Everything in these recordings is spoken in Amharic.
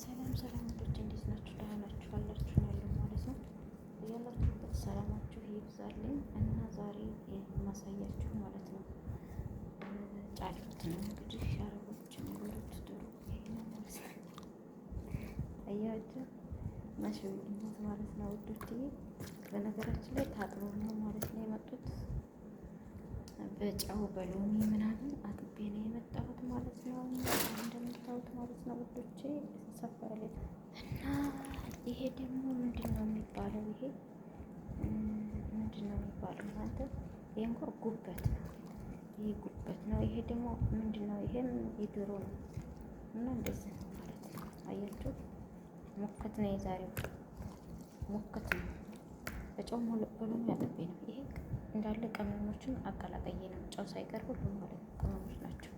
ሰላም ሰላም ወንዶች እንዴት ናችሁ? ደህና ናችሁ አላችሁ ያለው ማለት ነው። ያላችሁበት ሰላማችሁ ይብዛልኝ እና ዛሬ የማሳያችሁ ማለት ነው ጫጩት ነው እንግዲህ አረቦች ንጎሮች ዶሮ ይሄን ማለት ነው። አያችሁ ማሸውነት ማለት ነው ውዶቼ። በነገራችን ላይ ታጥቦ ነው ማለት ነው የመጡት በጨው በሎሚ ምናምን አጥቤ ነው ውዶቼ። ሰፈር ላይ እና ይሄ ደግሞ ምንድን ነው የሚባለው? ይሄ ምንድን ነው የሚባለው እናንተ? ይሄ እንኳ ጉበት ነው። ይሄ ጉበት ነው። ይሄ ደግሞ ምንድን ነው? ይሄም የዶሮ ነው እና እንደዚህ ነው ማለት ነው። አያችሁ፣ ሙክት ነው የዛሬው ሙክት ነው። በጨው ሙሉ ብሎ ያጠቤ ነው። ይሄ እንዳለ ቅመሞችን አቀላቀየ ነው፣ ጨው ሳይቀር ሁሉ ማለት ነው። ቅመሞች ናቸው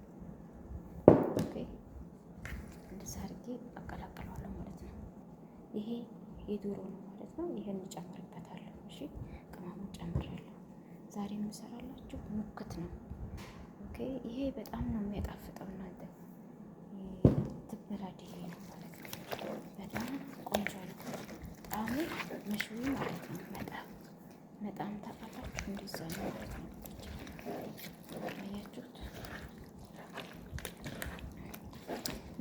እንደዛ አድርጌ አቀላቅለዋለሁ ማለት ነው። ይሄ የዶሮ ነው ማለት ነው። ይሄን እጨምርበታለሁ። እሺ ቅመሙን ጨምሬያለሁ። ዛሬ የምሰራላችሁ ሙክት ነው። ኦኬ ይሄ በጣም ነው የሚያጣፍጠው። እናንተ ትበላድዬ ነው ማለት ነው። በጣም ቆንጆ ነው ጣሙ መሽዊ ማለት ነው። መጣም በጣም ታጣጣችሁ እንደዛ ነው ማለት ነው። አያችሁት?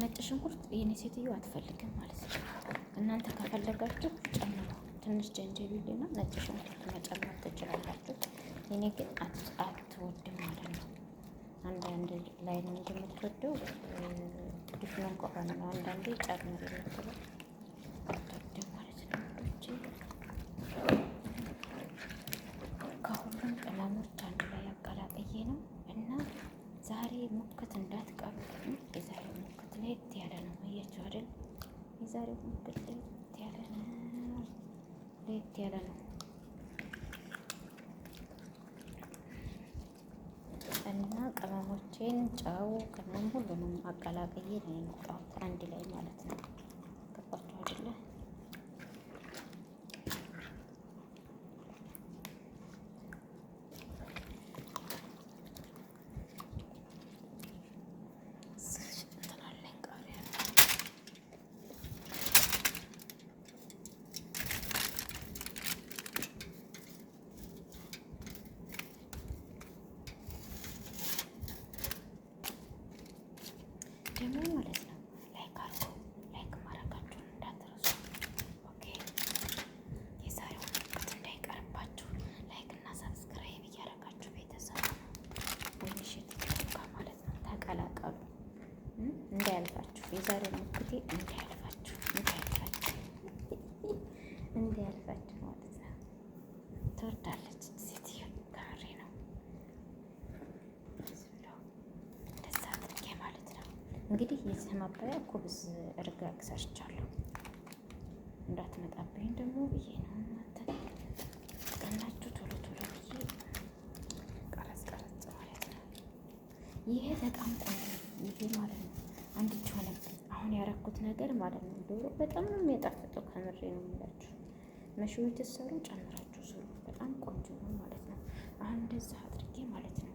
ነጭ ሽንኩርት ይህን ሴትዮ አትፈልግም ማለት ነው። እናንተ ከፈለጋችሁ ጨምሩ፣ ትንሽ ጀንጀቢል ጀንጀቢልና ነጭ ሽንኩርት መጨመር ትችላላችሁ። እኔ ግን አትወድም ማለት ነው። አንዳንድ ላይ ነው እንደምትወደው ድፍን ከሆነ ነው አንዳንዴ ጨምር ዛሬ ሙክት እንዳትቀሩ። የዛሬ ሙክት ለየት ያለ ነው። አያችሁ አይደል? የዛሬ ሙክት ለየት ያለ ነው። ለየት ያለ ነው እና ቅመሞችን፣ ጨው፣ ቅመም ሁሉንም አቀላቅዬ ነው የመጣሁት አንድ ላይ ማለት ነው። ገባችሁ አይደለ? ደግሞ ማለት ነው ላይክ አርጉ። ላይክ ማድረጋችሁን እንዳትረሱ። ኦኬ የዛሬው ምልክት እንዳይቀርባችሁ ላይክ እና ሰብስክራይብ እያደረጋችሁ ቤተሰብ ወይም ሽት ጋ ማለት ነው ተቀላቀሉ። እንዳያልፋችሁ የዛሬው ምልክቴ እንዳያልፋችሁ እንዳያልፋችሁ እንዳያልፋችሁ ማለት ነው ትወዳለች እንግዲህ የዚህ ማባያ ኩብዝ እርጋ ግዛችቻለሁ። እንዳትመጣብኝ ደግሞ ብዬ ነው እናንተ ቀናችሁ ቶሎ ቶሎ ብዬ ቀረጽ ቀረጽ ማለት ነው። ይሄ በጣም ቆንጆ ይሄ ማለት ነው። አንድች ሆነብኝ። አሁን ያረኩት ነገር ማለት ነው። ዶሮ በጣም ነው የሚያጣፍጠው። ከምሬ ነው የምላችሁ። መሽዊ ትሰሩ ጨምራችሁ ስሩ። በጣም ቆንጆ ነው ማለት ነው። አሁን እንደዚህ አድርጌ ማለት ነው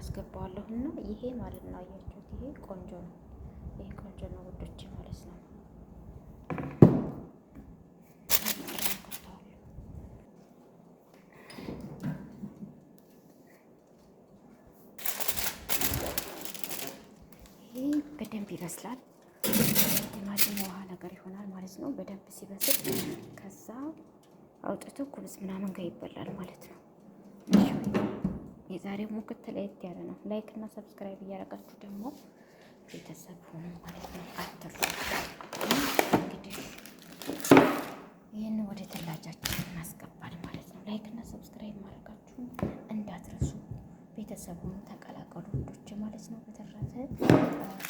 አስገባዋለሁ እና ይሄ ማለት ነው። አያችሁት? ይሄ ቆንጆ ነው። ይሄ ቆንጆ ነው ውዶች ማለት ነው። በደንብ ይበስላል። ቲማቲም ውሃ ነገር ይሆናል ማለት ነው። በደንብ ሲበስል ከዛ አውጥቶ ኩብዝ ምናምን ጋር ይበላል ማለት ነው። የዛሬው ሙክት ለየት ያለ ነው። ላይክ እና ሰብስክራይብ እያደረጋችሁ ደግሞ ቤተሰብ ሆኑ ማለት ነው። አትር እንግዲህ ይህን ወደ ተላጃችን እናስገባል ማለት ነው። ላይክ እና ሰብስክራይብ ማድረጋችሁን እንዳትረሱ ቤተሰብ ሆኑ ተቀላቀሉ ወንዶች ማለት ነው። በተረፈ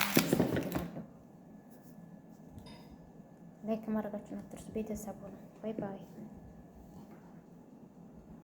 አመሰግናለሁ። ላይክ ማድረጋችሁን አትርሱ ቤተሰብ ሆኑ። ባይ ባይ።